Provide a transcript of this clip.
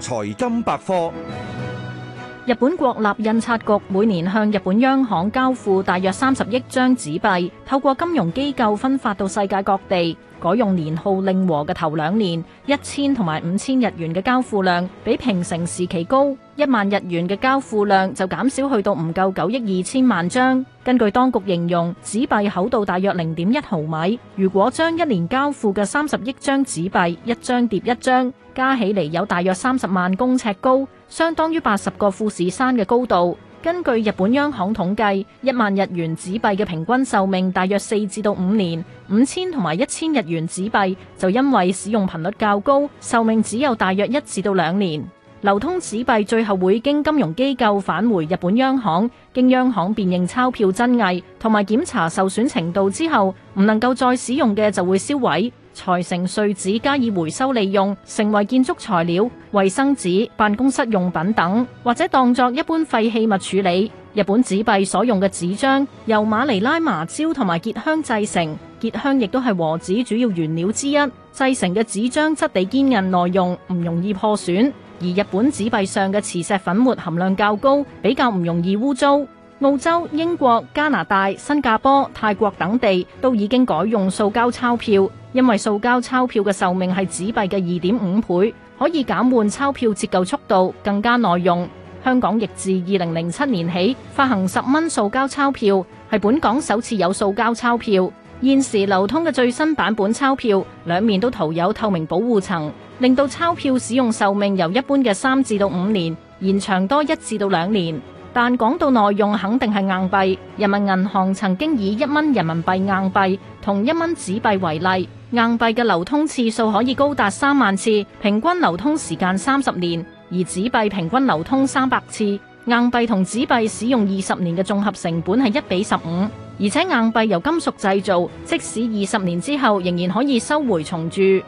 財金百科：日本國立印刷局每年向日本央行交付大約三十億張紙幣，透過金融機構分發到世界各地。改用年號令和嘅頭兩年，一千同埋五千日元嘅交付量比平成時期高，一萬日元嘅交付量就減少去到唔夠九億二千萬張。根據當局形容，紙幣厚度大約零點一毫米，如果將一年交付嘅三十億張紙幣一張疊一張，加起嚟有大約三十萬公尺高，相當於八十個富士山嘅高度。根據日本央行統計，一萬日元紙幣嘅平均壽命大約四至到五年，五千同埋一千日元紙幣就因為使用頻率較高，壽命只有大約一至到兩年。流通紙幣最後會經金融機構返回日本央行，經央行辨認鈔票真偽，同埋檢查受損程度之後，唔能夠再使用嘅就會銷毀。裁成碎紙加以回收利用，成為建築材料、衛生紙、辦公室用品等，或者當作一般廢棄物處理。日本紙幣所用嘅紙張由馬尼拉麻蕉同埋結香製成，結香亦都係和紙主要原料之一，製成嘅紙張質地堅韌耐用，唔容易破損。而日本紙幣上嘅磁石粉末含量較高，比較唔容易污糟。澳洲、英國、加拿大、新加坡、泰國等地都已經改用塑膠鈔票。因為塑膠鈔票嘅壽命係紙幣嘅二點五倍，可以減緩鈔票折舊速度，更加耐用。香港亦自二零零七年起發行十蚊塑膠鈔票，係本港首次有塑膠鈔票。現時流通嘅最新版本鈔票，兩面都塗有透明保護層，令到鈔票使用壽命由一般嘅三至到五年，延長多一至到兩年。但講到耐用，肯定係硬幣。人民銀行曾經以一蚊人民幣硬幣同一蚊紙幣為例。硬幣嘅流通次數可以高達三萬次，平均流通時間三十年，而紙幣平均流通三百次。硬幣同紙幣使用二十年嘅綜合成本係一比十五，而且硬幣由金屬製造，即使二十年之後仍然可以收回重鑄。